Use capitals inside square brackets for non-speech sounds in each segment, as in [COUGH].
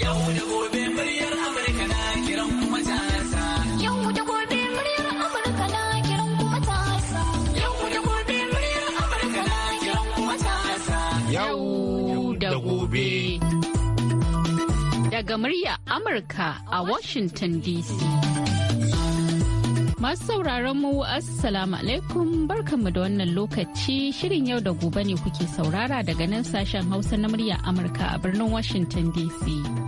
Yau Amurka Daga murya Amurka a Washington DC. Masu sauraron mu Assalamu alaikum barkanmu da wannan lokaci shirin yau da gobe ne kuke saurara daga nan sashen Hausa na murya Amurka a birnin Washington DC.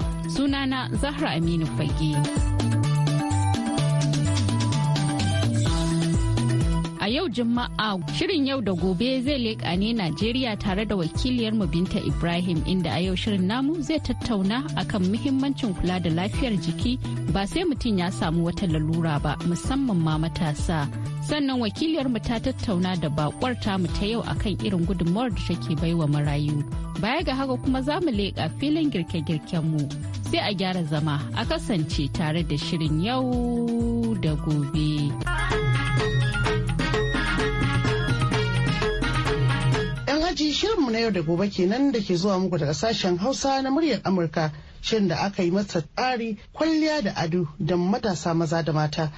sunana Zahra Aminu Fage. A yau Juma'a shirin yau da gobe zai leƙa ne Najeriya tare da wakiliyar Binta Ibrahim inda a yau shirin namu zai tattauna akan muhimmancin kula da lafiyar jiki ba sai mutum ya samu wata lalura ba musamman ma matasa. Sannan wakiliyar mu ta tattauna da bakwar mu ta yau akan irin gudunmawar da take baiwa marayu. Baya ga haka kuma za mu leƙa filin girke-girken mu. sai a gyara zama a kasance tare da shirin yau da gobe. Yan haji shirinmu na yau da gobe kenan da ke zuwa muku daga sashen Hausa na muryar Amurka shirin da aka yi masa tsari kwalliya da ado da matasa maza da mata.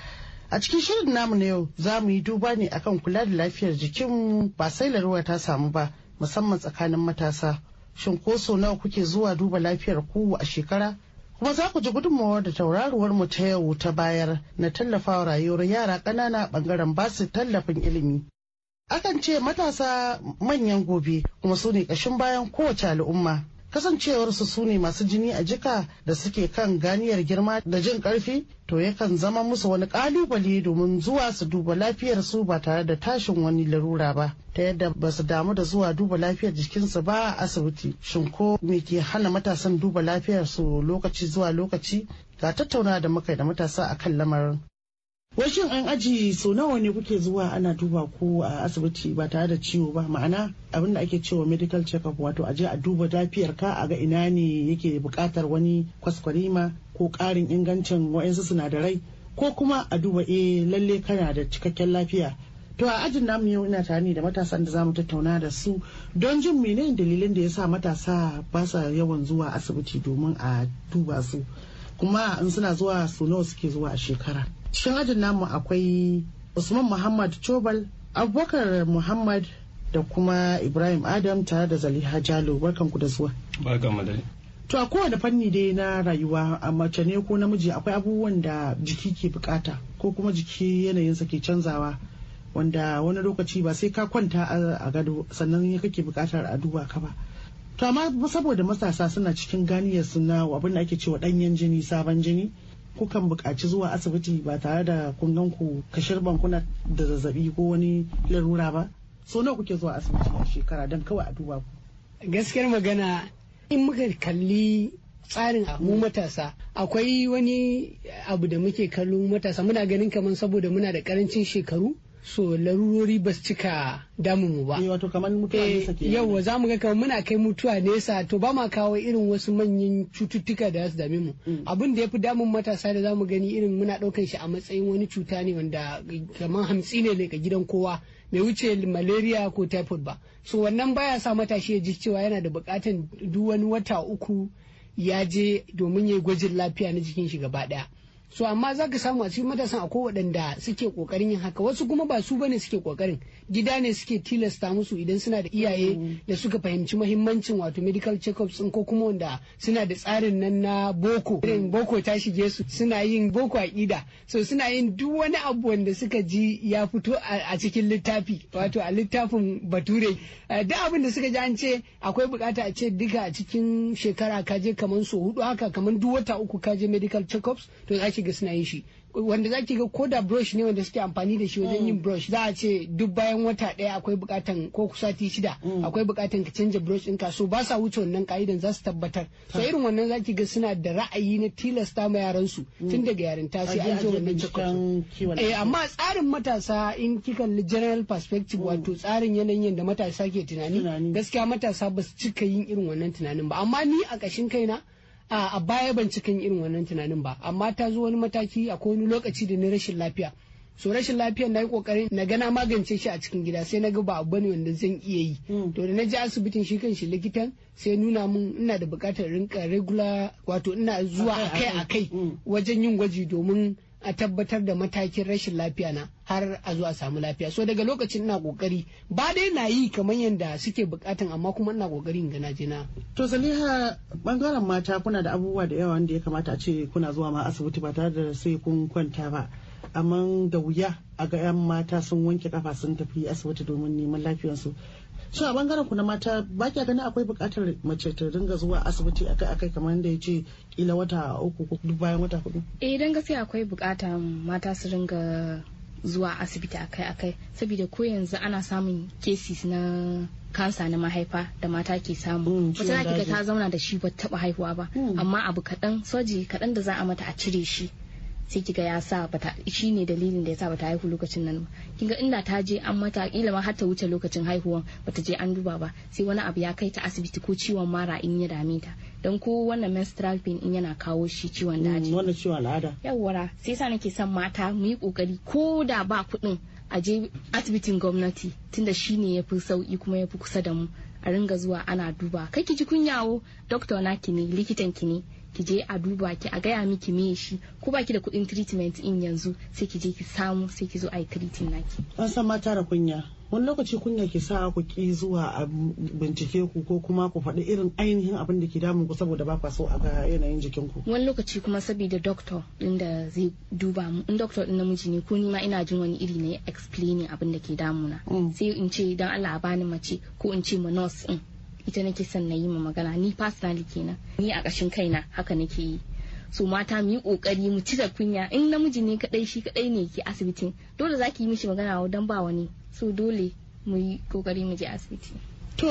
A cikin shirin namu na yau za mu yi duba ne akan kula da lafiyar jikinmu ba sai larura ta samu ba musamman tsakanin matasa. shin ko sau nawa kuke zuwa duba lafiyar ku a shekara kuma za ku ji gudunmawar da tauraruwar mu ta yau ta bayar na tallafawa rayuwar yara ƙanana bangaren basu tallafin ilimi akan ce matasa manyan gobe kuma su ne ƙashin bayan kowace al'umma kasancewarsu su ne masu jini a jika da suke kan ganiyar girma da jin karfi to yakan zama musu wani kalubale domin zuwa su duba lafiyar su ba tare da tashin wani larura ba ta yadda ba su damu da zuwa duba lafiyar jikinsu ba a asibiti shin ko me ke hana matasan duba lafiyar su lokaci zuwa lokaci ga tattauna da muka da matasa akan lamarin Washin an aji so nawa ne kuke zuwa ana duba ko a asibiti ba tare da ciwo ba ma'ana abin da ake cewa medical check-up wato aje a duba lafiyar ka a ga ina ne yake bukatar wani kwaskwarima ko karin ingancin wa'insu sinadarai ko kuma a duba e lalle kana da cikakken lafiya to a ajin namu yau ina tare da matasan da zamu tattauna da su don jin menene dalilin da yasa matasa ba sa yawan zuwa asibiti domin a duba su kuma in suna zuwa su nawa suke zuwa a shekara cikin ajin namu akwai usman muhammad chobal abubakar muhammad da kuma ibrahim adam tare da zaliha jalo barkanku da zuwa barkan to a kowane fanni dai na rayuwa a mace ne ko namiji akwai abubuwan da jiki ke bukata ko kuma jiki yanayinsa ke canzawa wanda wani lokaci ba sai ka kwanta a gado sannan ya kake bukatar a duba ka ba to amma saboda matasa suna cikin ganiyar suna abin da ake cewa ɗanyen jini sabon jini kukan bukaci zuwa asibiti ba tare da kun ku kashir bankuna da zazzabi ko wani larura ba so nawa kuke zuwa asibiti a shekara don kawai a duba ku gaskiyar magana in muka kalli tsarin mu matasa akwai wani abu da muke kallon matasa muna ganin kamar saboda muna da karancin shekaru so larurori ba su cika damu mu ba. Eh, wato kamar mutuwa eh, nesa ke yawa za mu ga kamar muna kai mutuwa nesa to ba ma kawo irin wasu manyan cututtuka da su dame mu. Mm. Abin da ya fi damun matasa da za mu gani irin muna ɗaukan shi a matsayin wani cuta ne wanda kamar hamsi ne daga gidan kowa. me wuce malaria ko typhoid ba so wannan baya sa matashi ya ji cewa yana da bukatan duk wani wata uku ya je domin ya yi gwajin lafiya na jikin shi gaba ɗaya so amma za ka samu a cikin matasan a waɗanda suke ƙoƙarin yin haka wasu kuma ba su bane suke ƙoƙarin gida ne suke tilasta musu idan suna da iyaye mm-hmm. da suka fahimci mahimmancin wato medical check-ups ko kuma wanda suna da tsarin nan na boko irin boko ta shige su suna yin boko a ƙida so suna yin duk wani abu wanda suka ji ya fito a cikin littafi wato a littafin bature eh, duk abin da suka ji an ce akwai bukata a ce duka a cikin shekara ka je kamar so hudu haka kamar duk wata uku kaje medical check to za ki ga yin shi wanda za ki ga ko da brush ne wanda suke amfani da shi wajen mm. yin brush za a ce duk bayan wata ɗaya akwai bukatan ko sati shida mm. akwai bukatan ka canja brush ɗinka so ba sa wuce wannan ka'idan za su tabbatar so irin wannan za ki ga suna da ra'ayi na tilasta ma yaran su mm. tun daga ta sai an je wannan cikin eh amma tsarin matasa in kika general perspective wato tsarin yanayin da matasa ke tunani gaskiya matasa ba su cika yin irin wannan tunanin ba amma ni a ƙashin kaina a baya ban cikin irin wannan tunanin ba amma ta zo wani mataki a wani lokaci da na rashin lafiya so rashin lafiyar na yi kokarin na gana magance shi a cikin gida sai na ga ba abu bane wanda zan iya yi hmm. to da na je asibitin shi kan shi likitan sai nuna mun ina da bukatar rinka regular wato ina zuwa akai akai hmm. wajen yin gwaji domin a tabbatar da matakin rashin lafiya na har a zuwa samu lafiya so daga lokacin ina kokari ba dai na yi kamar yadda suke bukatan amma kuma ina kokari in gana jina. to saliha bangaren mata kuna da abubuwa da yawa wanda ya kamata a ce kuna zuwa ma asibiti ba tare da sai kun kwanta ba amma da wuya a ga 'yan mata sun wanke kafa sun tafi asibiti domin neman lafiyarsu shi a bangaren ku na mata ba kya ganin akwai bukatar mace ta dinga zuwa asibiti akai-akai kamar da ya kila wata uku ko duk bayan wata hudu eh dan gaskiya akwai bukata mata su dinga zuwa asibiti akai-akai saboda ko yanzu ana samun cases na kansa na mahaifa da mata ke samu mm, wata ta zauna da shi ba taba haihuwa ba mm. amma abu kaɗan soji kaɗan da za a mata a cire shi sai kiga ya sa bata shi ne dalilin da ya sa bata haihu lokacin nan ba kinga inda ta je an mata kila ma har ta wuce lokacin haihuwan bata je an duba ba sai wani abu ya kai ta asibiti ko ciwon mara in ya dame ta don ko wannan menstrual pain in yana kawo shi ciwon mm, daji wannan ciwon al'ada yawwara sai sa nake son mata mu yi kokari ko da ba kuɗin a je asibitin gwamnati tunda ne ya fi sauki kuma ya fi kusa da mu a ringa zuwa ana duba kai ki ji kunyawo doktor na ki ne likitan ki ne ki je a duba ki a gaya miki me shi ko baki da kuɗin treatment in yanzu sai ki je ki samu sai ki zo a yi treating naki an san mata da kunya wani lokaci kunya ki sa ku ki zuwa a bincike ku ko kuma ku faɗi irin ainihin abin da ke damun ku saboda ba so a ga yanayin jikin ku wani lokaci kuma saboda doctor din da zai duba mu in doctor din namiji ne ko nima ina jin wani iri ne explaining abin da ke damuna mm. sai in ce dan Allah a bani mace ko in ce ma nurse din ita nake son na yi ma magana ni personally kenan ni a ƙashin kaina haka nake yi so mata mu yi kokari mu ci kunya in namiji ne kadai shi kadai ne ke asibitin dole zaki yi mishi magana dan ba wani so dole mu yi kokari mu je asibiti to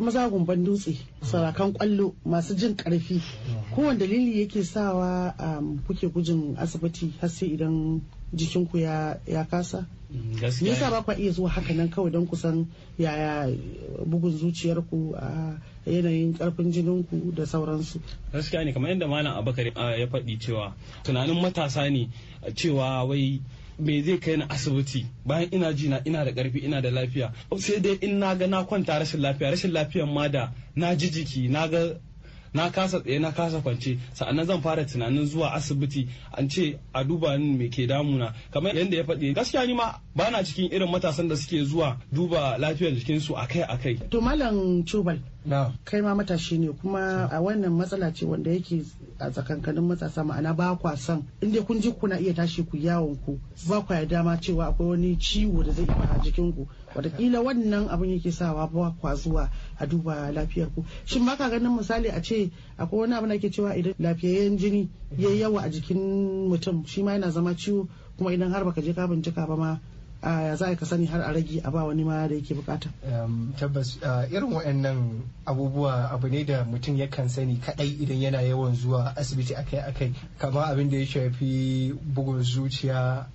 maza gumban dutse sarakan kwallo masu jin karfi kowane dalili yake sawa um, kuke gujin asibiti har sai idan jikinku ya, ya kasa mm, me yasa ba kwa iya zuwa haka nan kawai don kusan yaya bugun zuciyarku a yanayin karfin jininku da sauransu gaskiya ne kamar yadda malam abakar ya faɗi cewa tunanin matasa ne cewa wai me zai kai na asibiti bayan ina ji na ina da karfi ina da lafiya sai dai in na ga na kwanta rashin lafiya rashin lafiyan ma da na ji jiki na ga na kasa tsaye na kasa kwance sa'annan zan fara tunanin zuwa asibiti an ce a duba ni me ke damuna kamar yadda ya faɗi gaskiya ni ma Bana cikin irin matasan da suke zuwa duba lafiyar jikinsu akai-akai. To Malam Cobal, kai ma matashi ne kuma a wannan matsala ce wanda yake a tsakankanin matasa ma'ana ba kwa son inda kun ji kuna iya tashi ku yawon ku ba kwa dama cewa akwai wani ciwo da zai fara a jikin ku wataƙila wannan abin yake sawa ba kwa zuwa a duba lafiyar ku shin ba ka ganin misali a ce akwai wani abu da ke cewa idan lafiyayyen jini ya yawa a jikin mutum shi ma yana zama ciwo kuma idan har baka je ka bincika ba ma ya za ka sani har a rage a ba wani ma da yake bukata tabbas irin waɗannan abubuwa abu ne da mutum yakan sani kaɗai idan yana yawan zuwa asibiti akai akai kamar abin da ya shafi bugun zuciya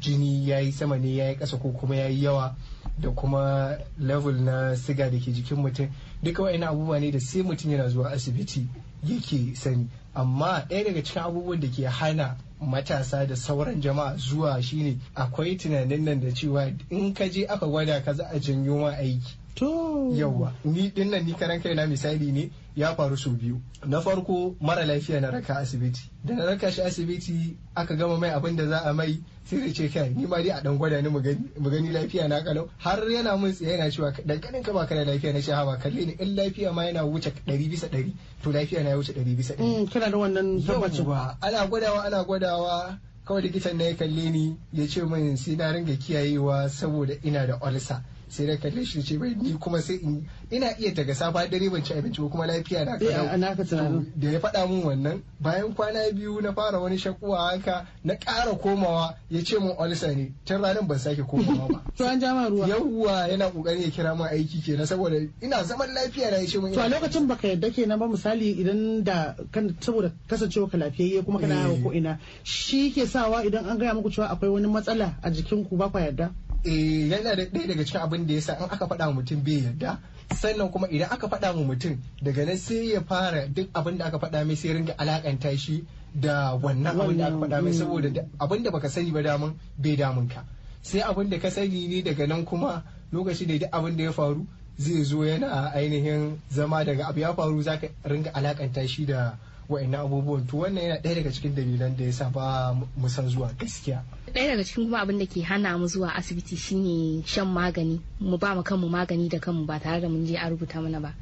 jini ya yi sama ne ya yi ƙasa ko kuma ya yi yawa da kuma level na siga da ke jikin mutum duka waɗannan abubuwa ne da sai mutum yana zuwa asibiti yake sani amma ɗaya daga cikin abubuwan da ke hana matasa da sauran jama'a zuwa shine akwai tunanin nan da cewa in ka je aka gwada ka za a janyo ma aiki To. ni din nan ni karan na misali ne ya faru sau biyu. Na farko mara lafiya na raka asibiti. Da na raka shi asibiti aka gama mai abin da za a mai sai da ce kai ni ma dai a dan gwada ni mu gani lafiya na kalau har yana mun tsaye yana cewa dan kanin ka baka lafiya na shaha ba kalle ni in lafiya ma yana wuce 100 bisa 100 to lafiya na ya wuce 100 bisa 100. Mm, kana da wannan tabbaci ba. Ana gwadawa ana gwadawa kawai likitan na ya kalle ni ya ce min sai na ringa kiyayewa saboda ina da ulsa. sai da kalle shi ce bai ni kuma sai in ina iya daga safa dare ban ci abinci ko kuma lafiya na kada eh, da ya faɗa mun wannan bayan kwana biyu na fara wani shakuwa haka na ƙara komawa ya ce mun olsa ne tun ranar ban sake komawa ba [LAUGHS] to an jama ruwa yawwa yana kokarin ya kira mun aiki kenan saboda ina zaman lafiya na ya ce mun to a lokacin baka yadda kenan ba misali idan da kan saboda kasancewa ka lafiyayye kuma kana eh. ko ina shi ke sawa idan an gaya muku cewa akwai wani matsala a jikinku ba ku yadda eh yana da ɗaya daga cikin abin da yasa in aka faɗa wa mutum bai yarda sannan kuma idan aka faɗa wa mutum daga nan sai ya fara duk abin da aka faɗa mai sai ringa alakanta shi da wannan abin da aka faɗa mai saboda abin da baka sani ba damun bai damun ka sai abin da ka sani ne daga nan kuma lokaci da duk abin da ya faru zai zo yana ainihin zama daga abu ya faru zaka ringa alakanta shi da wa'annan abubuwan to wannan yana ɗaya daga cikin dalilan da ya sa ba mu san zuwa gaskiya ɗaya daga cikin kuma abin da ke hana mu zuwa asibiti shine shan magani mu ba mu kanmu magani da kanmu ba tare da mun je a rubuta mana ba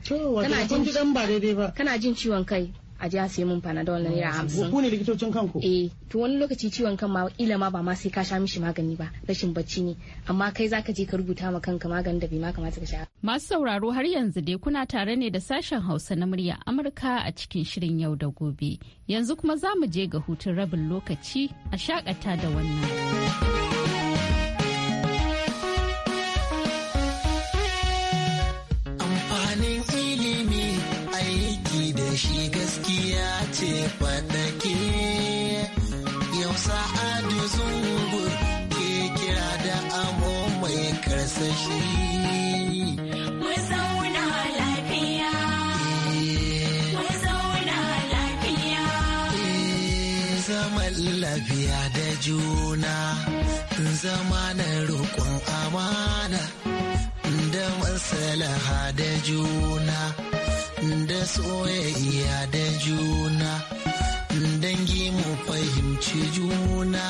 ba kana jin ciwon kai a ji a sai mun panadol na naira hamsin. Ku ne likitocin kanku? Eh, to wani lokaci ciwon kan ma ila ma ba ma sai ka sha mishi magani ba, rashin bacci ne. Amma kai zaka je ka rubuta ma kanka maganin da bai ma kamata ka sha. Masu sauraro har yanzu dai kuna tare ne da sashen Hausa na murya Amurka a cikin shirin yau da gobe. Yanzu kuma za mu je ga hutun rabin lokaci a shakata da wannan. Amfanin ilimi da shiga. ke faɗake yau sa'adu zungur ke kira da amo mai karsashi. lafiya da juna zama na roƙon amana da masalaha da juna. da soyayya da juna dangi mu fahimci juna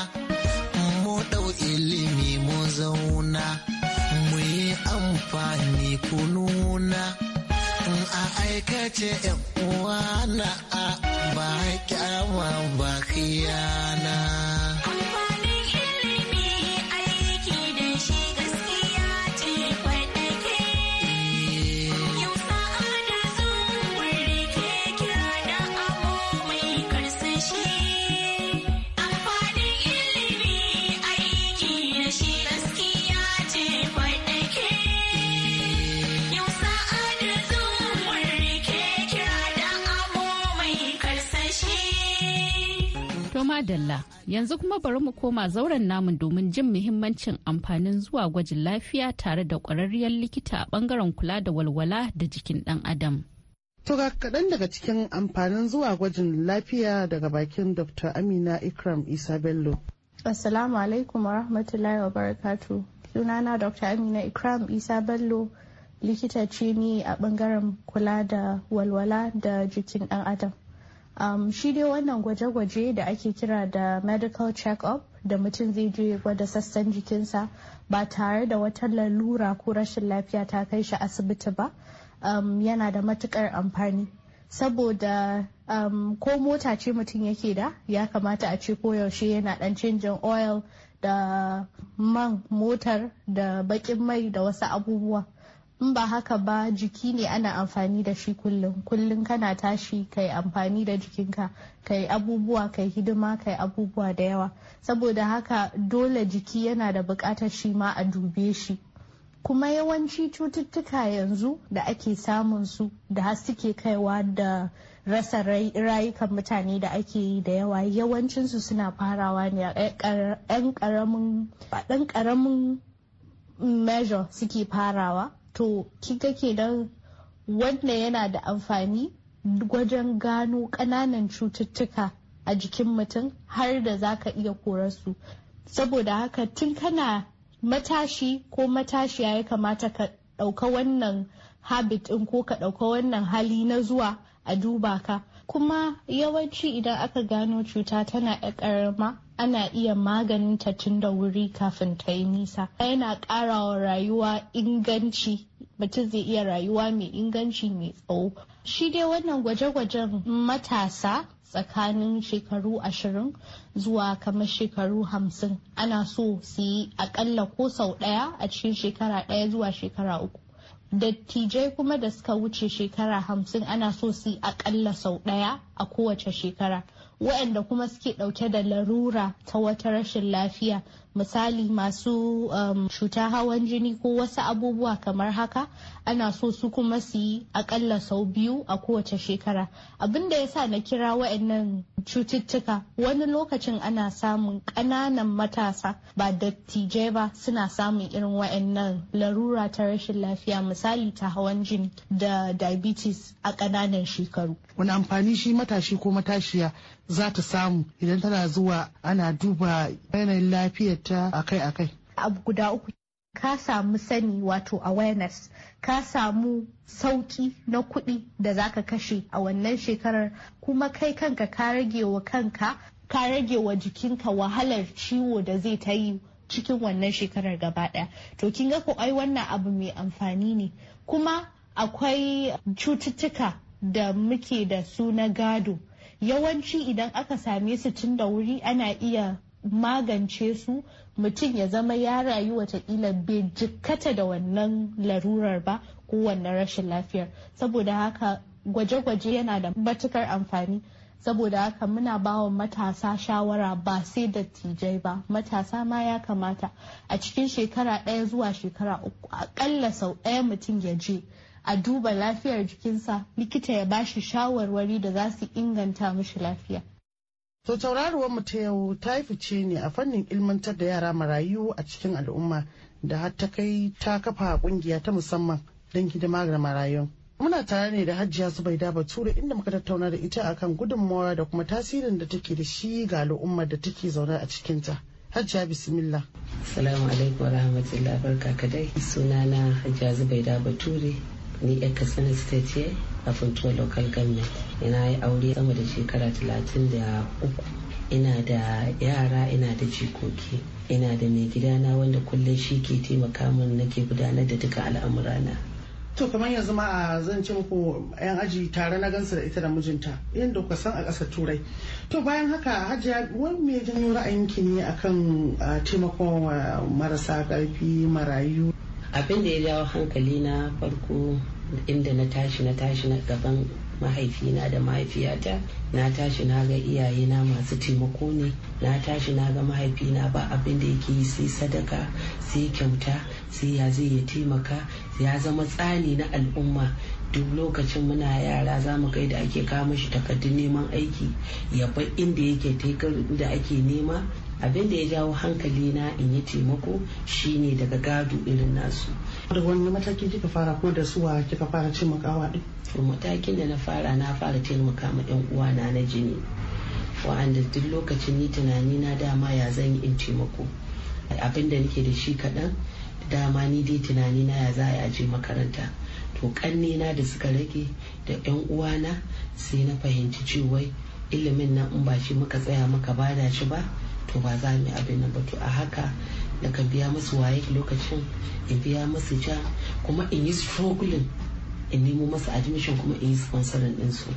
mu ɗau ilimi mu zauna mu yi amfani kununa a aikace uwana a ba kyawa ba khiyana. madalla yanzu kuma bari mu koma zauren namun domin jin muhimmancin amfanin zuwa gwajin lafiya tare da kwararriyar likita a bangaren kula da walwala da jikin dan adam. To ga kaɗan daga cikin amfanin zuwa gwajin lafiya daga bakin Dr. Amina Ikram Isa Bello. Assalamu alaikum wa rahmatullahi wa barakatu. Sunana Dr. Amina Ikram Isa Bello likita ce ni a bangaren kula da walwala da jikin dan adam. um, shi dai wannan gwaje-gwaje da ake kira da medical check-up da mutum zai je gwada sassan jikinsa ba tare da wata lalura ko rashin lafiya ta kai shi asibiti ba um, yana da matukar amfani saboda um, ko mota ce mutum yake da ya kamata a ce koyaushe yana dan canjin oil da man motar da bakin mai da wasu abubuwa in ba haka ba jiki ne ana amfani da shi kullum kullum kana tashi kai amfani da jikinka kai abubuwa kai hidima kai abubuwa da yawa saboda haka dole jiki yana da bukatar shi ma a dube shi kuma yawanci cututtuka yanzu da ake samun su da suke kaiwa da rasa rayukan mutane da ake yi da yawa yawancinsu suna farawa ne a ɗan ƙaramin measure suke farawa to kika kenan wanda yana da amfani wajen gano ƙananan cututtuka a jikin mutum har da za ka iya korarsu saboda haka tun kana matashi ko matashi ya kamata ka ɗauka wannan habit ɗin ko ka ɗauka wannan hali na zuwa a duba ka kuma yawanci idan aka gano cuta tana ƙarama ana iya maganin ta tun da wuri kafin ta yi nisa yana ƙarawa rayuwa inganci mutum zai iya rayuwa mai inganci mai tsawo shi dai wannan gwaje-gwajen matasa tsakanin shekaru ashirin zuwa kamar shekaru hamsin ana so su yi akalla ko sau ɗaya a cikin shekara ɗaya zuwa shekara uku dattijai kuma da suka wuce shekara hamsin ana so su yi akalla sau ɗaya a kowace shekara waɗanda kuma suke ɗauke da larura ta wata rashin lafiya misali masu um, cuta hawan jini ko wasu abubuwa kamar haka ana so su kuma su yi akalla sau biyu a kowace shekara abin da ya sa na kira wa'annan cututtuka wani lokacin ana samun ƙananan matasa ba dattijai ba suna samun irin wa'annan larura ta rashin lafiya misali ta hawan jini da diabetes a ƙananan shekaru wani amfani shi matashi ko matashiya za ta samu idan tana zuwa ana duba yanayin lafiyar ta akai-akai? Abu guda uku ka samu sani wato awareness ka samu sauki na kuɗi da zaka kashe a wannan shekarar kuma kai kanka ka rage wa kanka ka rage wa jikinka wahalar ciwo da zai ta yi cikin wannan shekarar gaba ɗaya to kin ga ko ai wannan abu mai amfani ne kuma akwai cututtuka da muke da su na gado yawanci idan aka same su tun da wuri ana iya magance su mutum ya zama ya rayu watakila bai jikkata da wannan larurar ba ko wannan rashin lafiyar saboda haka gwaje-gwaje yana da matukar amfani saboda haka muna bawa matasa shawara ba sai dattijai ba matasa ma ya kamata a cikin shekara ɗaya zuwa shekara uku akalla sau ɗaya mutum ya je a duba lafiyar jikinsa likita ya bashi shawarwari da za su inganta mishi lafiya To tauraruwar mu ta yau ta yi fice ne a fannin ilmantar da yara marayu a cikin al'umma da har ta kai ta kafa kungiya ta musamman don hidima ga marayun. Muna tare ne da Hajiya Zubaida Bature inda muka tattauna da ita akan gudunmawa da kuma tasirin da take da shi ga al'ummar da take zaune a cikinta. Hajiya bismillah. Assalamu alaikum wa rahmatullahi barka kadai. Sunana Hajiya Zubaida Bature ni yar katsina state ce a funtuwa local government ina yi aure sama da shekara talatin da uku ina da yara ina da jikoki ina da mai gidana wanda kullum shi ke taimaka min nake gudanar da duka al'amurana to kamar yanzu ma a zan muku yan aji tare na gansa da ita da mijinta yadda kuka san a ƙasar turai to bayan haka hajiya wani mai janyo ra'ayinki ne akan taimakon marasa ƙarfi marayu abin da ya jawo hankali na farko inda na tashi na tashi na gaban mahaifina da mahaifiyata na tashi na ga iyayena masu taimako ne na tashi na ga mahaifina ba abin da yake yi sai sadaka sai kyauta sai ya zai ya taimaka ya zama tsani na al'umma duk lokacin muna yara za mu kai da ake kama shi takardun neman aiki ya bar inda yake da ake nema abin da ya jawo hankali na in yi taimako shine daga gado irin nasu da wani mataki kika fara ko da suwa kika fara makawa din to matakin da na fara na fara taimaka ma yan uwa na na jini wa'anda duk lokacin ni tunani na dama ya zan yi in taimako abin da nake da shi kaɗan dama ni dai tunani na ya za a je makaranta to na da suka rage da yan uwa na, sai na fahimci cewa ilimin na in ba shi muka tsaya muka bada shi ba to ba za mu abin nan ba to a haka da ka biya musu waye lokacin in biya musu ja kuma in yi struggling in nemo masu admission kuma in yi sponsorin su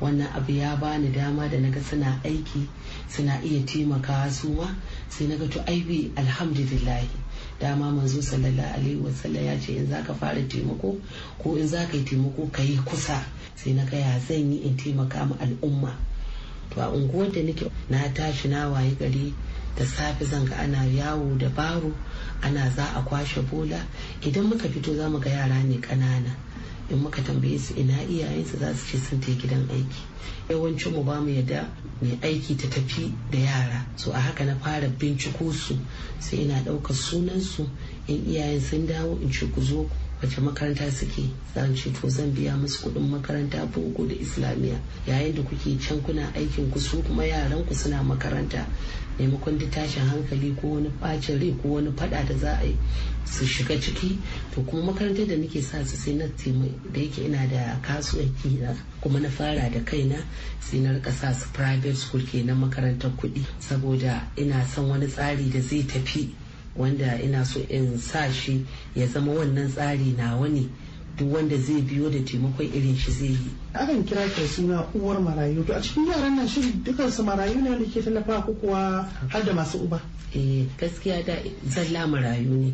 wannan abu ya bani dama da naga suna aiki suna iya taimakawa su ma sai naga to aibi alhamdulillah dama manzo sallallahu alaihi wasallam ya ce in zaka fara taimako ko in zaka yi taimako ka kusa sai naga ya zan yi in taimaka ma al'umma to a unguwar da nake na tashi na waye gari da safe zanga ana yawo da baro ana za a kwashe bola idan muka fito za mu ga yara ne kanana in muka tambaye su ina iyayensu za su ce sun ta gidan aiki yawancin mu ba mu yadda mai aiki ta tafi da yara so a haka na fara binciko su sai ina ɗaukar sunan su in iyayen sun dawo in ce ku zo wace makaranta suke zan ce to zan biya musu kuɗin makaranta boko da islamiyya yayin da kuke can kuna aikin ku su kuma yaran ku suna makaranta maimakon da tashin hankali ko wani bacin rai ko wani fada da za a yi su shiga ciki to kuma makarantar da nake sa su sai na da yake ina da kasuwanci na kuma na fara da kaina sai na rika sa su private school ke na makarantar kuɗi saboda ina son wani tsari da zai tafi wanda ina so in sa shi ya zama wannan tsari nawa ne duk wanda zai biyo da taimakon irin shi zai yi. Akan kira ka suna uwar marayu to a cikin yaran nan shi dukansu marayu ne wanda ke tallafa ko kuwa har da masu uba. Eh gaskiya da zalla marayu ne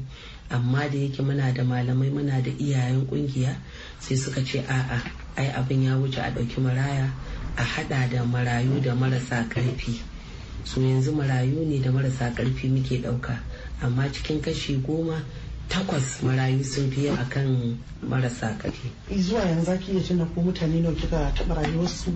amma da yake muna da malamai muna da iyayen kungiya sai suka ce a'a ai abin ya wuce a ɗauki maraya a hada da marayu da marasa karfi. So yanzu marayu ne da marasa karfi muke ɗauka. amma cikin kashi goma takwas marayu sun biya a kan marasa ƙarfi. zuwa yanzu ki iya tuna ko mutane nawa kika taɓa rayuwarsu?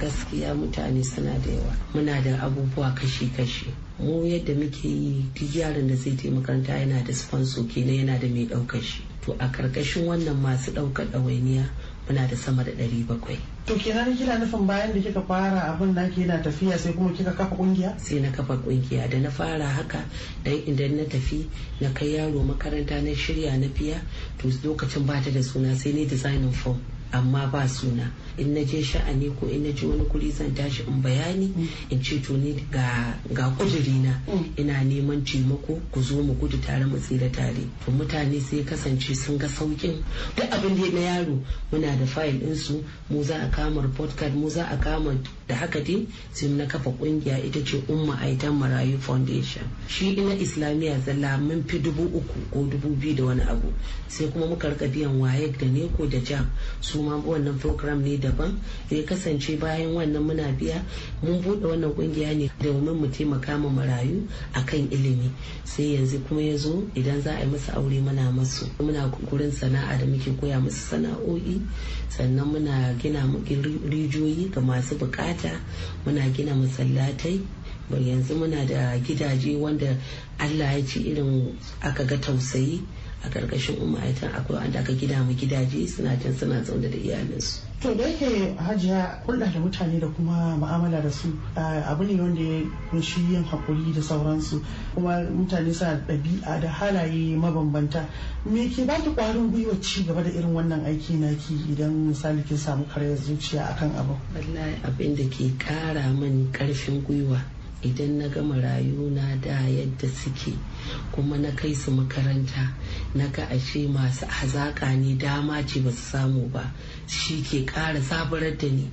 gaskiya mutane suna da yawa muna da abubuwa kashi-kashi mu yadda muke yi duk yaron da zai je makaranta yana da sponsor kenan yana da mai ɗaukar shi to a ƙarƙashin wannan masu ɗaukar ɗawainiya muna da sama da ɗari bakwai. To kenan kina nufin bayan da kika fara abin da yana tafiya sai kuma kika kafa kungiya? Sai na kafa kungiya da na fara haka dan idan na tafi na kai yaro makaranta na shirya na fiya to lokacin bata da suna sai ne designing form. amma ba suna in na je sha'ani ko in na je wani kuri zan tashi in bayani in ce to ni ga ga na ina neman taimako ku zo mu gudu tare mu tsira tare to mutane sai kasance sun ga saukin duk abin da na yaro muna da fayil ɗinsu mu za a kama report card mu za a kama da haka dai sai na kafa kungiya ita ce umma aitan marayu foundation shi ina islamiyya zalla mun fi dubu uku ko dubu biyu da wani abu sai kuma muka rika biyan waye da neko da jam su ma wannan program ne daban ya kasance bayan wannan muna biya mun bude wannan kungiya ne domin mu taimaka ma marayu akan ilimi sai yanzu kuma ya zo idan za a yi masa aure muna masu muna gurin sana'a da muke koya masu sana'o'i sannan muna gina rijiyoyi ga masu bukata mata muna gina masallatai yanzu muna da gidaje wanda allah ya ci irin aka ga tausayi a karkashin umaratan akwai wanda aka gida mu gidaje suna can suna zaune da iyalinsu to da yake hajiya hulɗa da mutane da kuma ma'amala da su abu ne wanda ya kunshi yin hakuri da sauransu kuma mutane suna ɗabi'a da halaye mabambanta me ke ba ki ƙwarin gwiwa ci gaba da irin wannan aiki naki idan misali kin samu karyar zuciya akan abu wallahi abin da ke ƙara min ƙarfin gwiwa idan na gama na da yadda suke kuma na kai su makaranta na ga ashe masu hazaƙa ne dama ce ba su samu ba shi ke ƙara sabarar da ni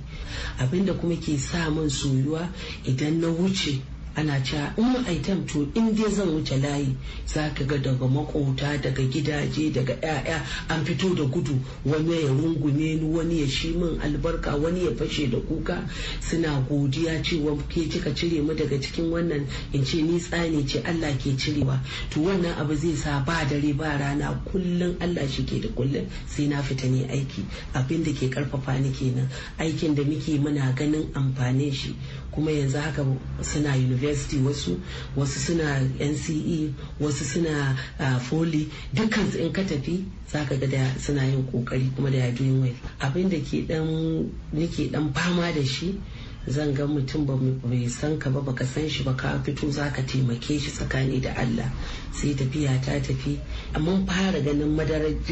abinda kuma ke sa min soyuwa idan na wuce ana cewa in item to in dai zan wuce layi za ka ga daga makota daga gidaje daga 'ya'ya an fito da gudu wani ya rungume ni wani ya shi min albarka wani ya fashe da kuka suna godiya cewa ke kika cire mu daga cikin wannan in ce ni tsani ce Allah ke cirewa to wannan abu zai sa ba dare ba rana kullum Allah shi ke da kullum sai na fita ne aiki abin da ke karfafa ni kenan aikin da muke muna ganin amfanin shi kuma yanzu haka suna university wasu wasu suna nce wasu suna foley foli dukkan in ka tafi za ka ga da suna yin kokari kuma da yaduyin wai abin da ke dan nake dan fama da shi zan ga mutum ba mai san ka ba baka san shi ba ka fito za ka taimake shi tsakani da Allah sai tafiya ta tafi amma fara ganin madarajin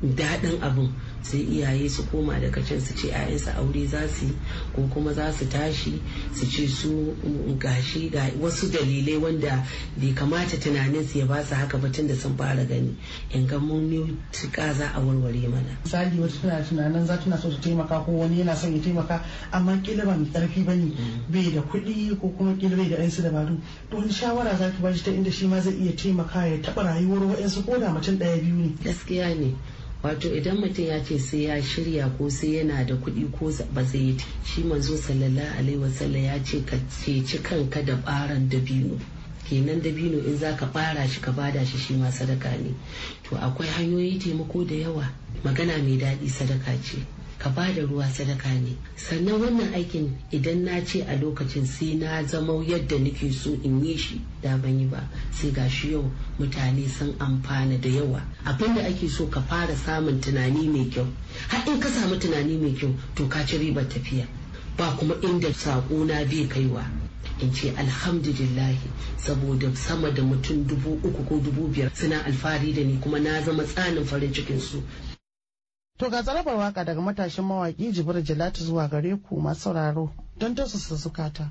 jin daɗin abin sai iyaye su koma daga can su ce 'ya'yansu aure za su ko kuma za su tashi su ce su mm, gashi ga wasu dalilai wanda bai kamata tunanin su ya ba su haka batun da sun fara gani in ga mun tuka za a warware mana misali wata tana tunanin za tana so su taimaka ko wani yana son ya taimaka amma kila ba mai karfi ne bai da kuɗi ko kuma kila bai da ɗansu dabaru to wani shawara za ki ba ta inda shi ma zai iya taimaka ya taɓa rayuwar wa'insu ko da mutum ɗaya biyu ne gaskiya ne wato idan mutum ya ce sai ya shirya ko sai yana da kuɗi ko ba zai yi shi manzo sallallahu alaihi wasallam ya ce ka ceci kanka da ɓaran dabino kenan dabino in za ka ɓara shi ka bada shi shi ma sadaka ne to akwai hanyoyi taimako da yawa magana mai daɗi sadaka ce ka ba da ruwa sadaka ne sannan wannan aikin idan na ce a lokacin sai na zama yadda nake so in yi shi da ban yi ba sai ga shi yau mutane sun amfana da yawa abinda ake so ka fara samun tunani mai kyau har in ka samu tunani mai kyau to ka ci ribar tafiya ba kuma inda sako na bai kaiwa in ce alhamdulillahi saboda sama da mutum dubu uku ko dubu biyar suna alfahari da ni kuma na zama tsanin farin cikin su To ga tsarabar waka daga matashin mawaki Jibril Jalatu zuwa gare ku masu sauraro don su zukata.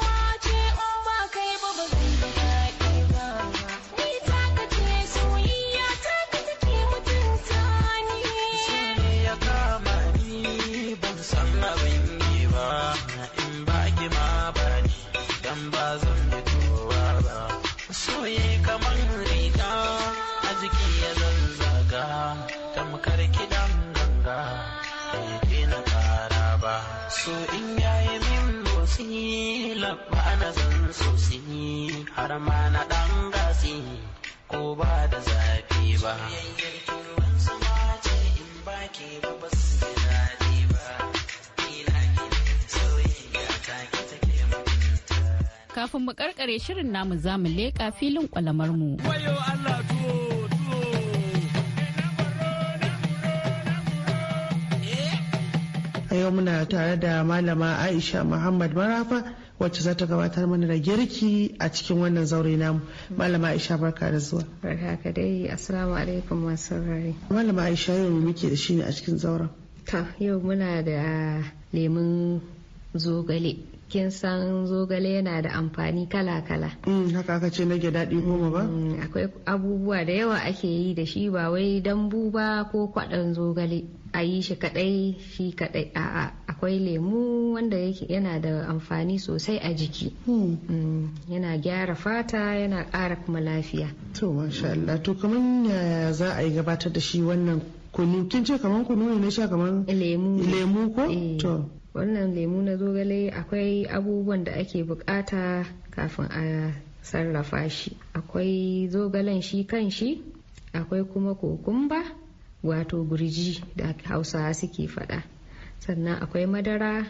soye kamar riga a jiki ya zanzaga tamkar kiɗan ganga bai na fara ba so in yayi min motsi labba na zan sosi har ma na ɗan gasi ko ba da zafi ba. Soyayyar kirwan sama ce in ba ke ba kafin mu karkare shirin namu za mu leƙa filin kwalamar mu. A yau muna tare da malama Aisha Muhammad Marafa wacce za ta gabatar mana da girki a cikin wannan zaure namu malama aisha barka da zuwa barka ka dai assalamu alaikum masu rari malama aisha yau muke da shi ne a cikin zauren ta yau muna da lemun zogale kin san zogale yana da amfani kala-kala. Mm, haka aka ce nage daɗi goma ba? Mm, akwai abubuwa da yawa ake yi da shi ba wai dambu ba ko kwaɗon zogale a yi shi kaɗai shi kaɗai a'a akwai lemu wanda yana da amfani sosai a jiki mm. yana gyara fata yana ƙara kuma lafiya. to masha Allah to kamar yaya za a yi gabatar da shi wannan kunu kin ce kamar kunu ne sha kamar lemu lemu ko eh. to wannan lemu na zogale akwai abubuwan da ake bukata kafin a sarrafa shi akwai zogalen shi kan shi akwai kuma kokumba wato gurji da hausa suke faɗa sannan akwai madara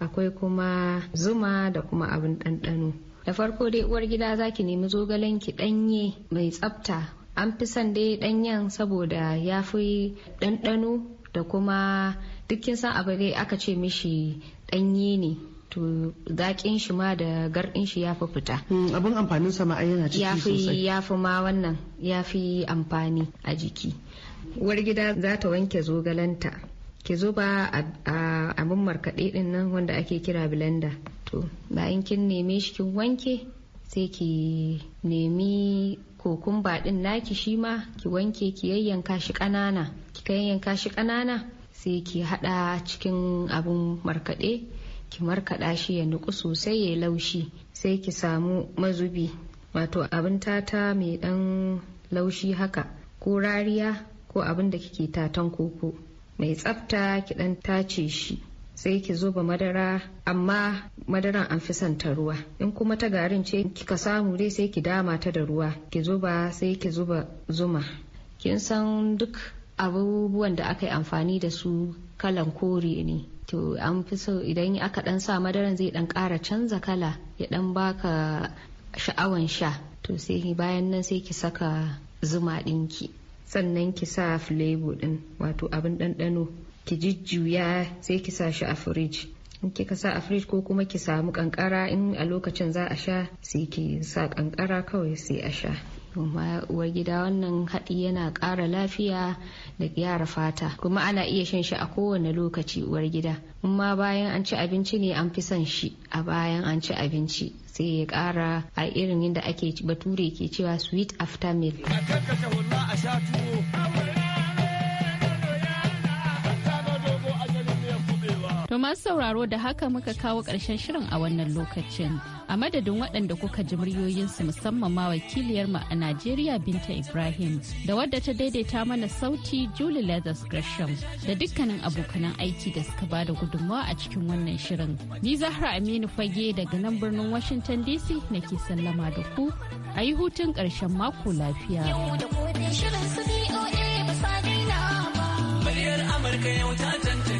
akwai kuma zuma da kuma abin ɗanɗano da farko dai uwar gida za ki nemi zogalen ki ɗanye mai tsabta an fi son dai ɗanyen saboda ya fi ɗanɗano da kuma duk kin san abu dai aka ce mishi ɗanye ne to zaƙin shi ma da garɗin shi ya fi fita. Hmm, abin amfanin sama yana ciki sosai. Ya fi ma wannan ya fi amfani a jiki. Uwar gida za ta wanke zogalanta. Ki ba a abin markaɗe ɗin nan wanda ake kira blender. To bayan kin neme shi kin wanke sai ki nemi kokumba ɗin naki shi ma ki wanke ki yayyanka shi ƙanana. Ki yayyanka shi ƙanana sai ki hada cikin abun markade ki markada shi ya nuku sosai ya laushi sai ki samu mazubi wato abin tata mai dan laushi haka ko rariya ko abin da kike tatan koko mai tsafta ki dan tace shi sai ki zuba madara amma madaran an fi son ta ruwa in kuma ta garin ce kika samu dai sai ki dama ta da ruwa ki zuba sai ki zuba zuma kin san duk abubuwan da aka yi amfani da su kalan kore ne to an fi so idan aka dan sa madaran zai dan kara canza kala ya dan baka sha'awan sha to sai bayan nan sai ki saka zuma dinki sannan ki sa flavor din wato abin dandano ki jujjuya sai ki sa shi a firij in kika sa a firij ko kuma ki samu kankara in a lokacin za a sha sai ki sa kankara kawai sai a sha uwar gida wannan haɗi yana ƙara lafiya da gyara fata kuma ana iya shan shi a kowane lokaci uwar gida ma bayan an ci abinci ne an fi son shi a bayan an ci abinci sai ya ƙara a irin yadda ake bature ke cewa sweet after meal To masu sauraro da haka muka kawo ƙarshen shirin a wannan lokacin. A madadin waɗanda kuka ji muryoyinsu musamman ma wakiliyarmu a Najeriya Binta Ibrahim da wadda ta daidaita mana sauti Julie Leathers Gresham da dukkanin abokanan aiki da suka ba da gudunmawa a cikin wannan shirin. Ni Zahra Aminu Fage daga nan birnin Washington DC nake sallama da ku a yi hutun karshen mako lafiya. yau da shirin Muryar Amurka yau ta tantance